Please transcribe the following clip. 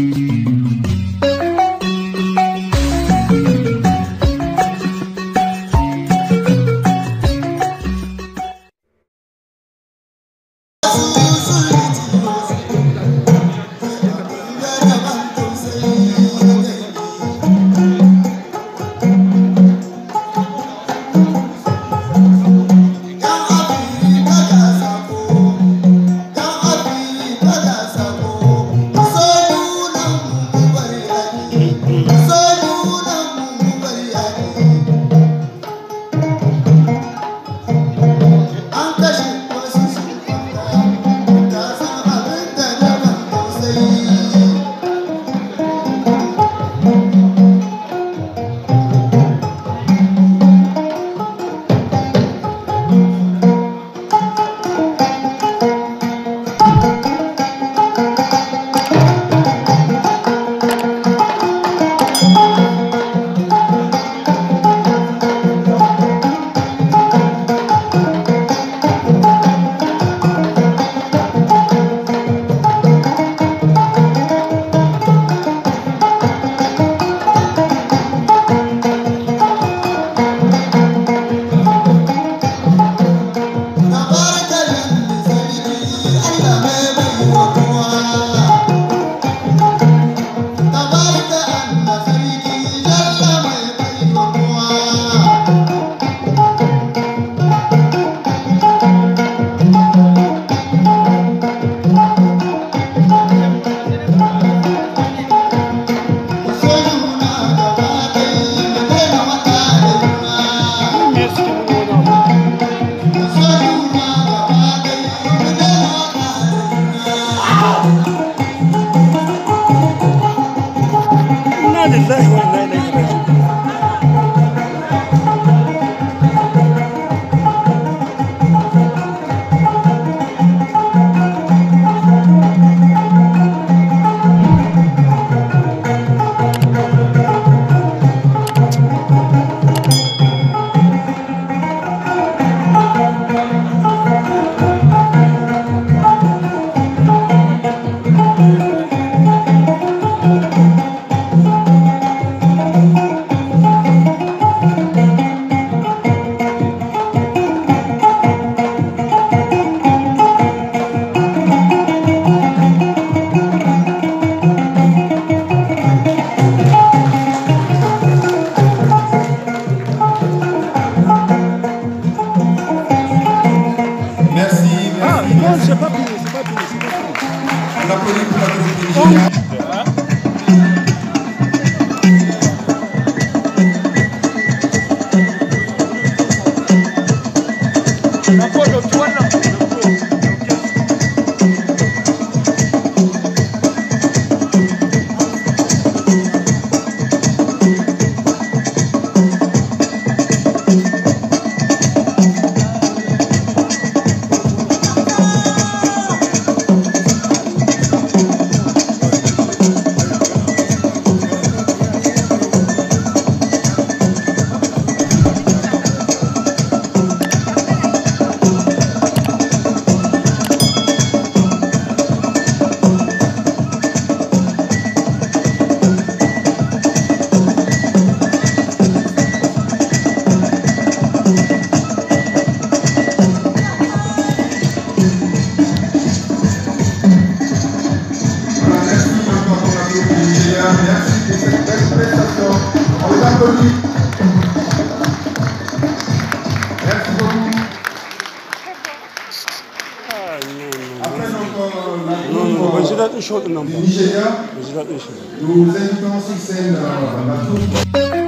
Thank you. Thank you. Non, c'est pas fini, c'est pas fini. On applaudit pour la du Nigeria, nous vous invitons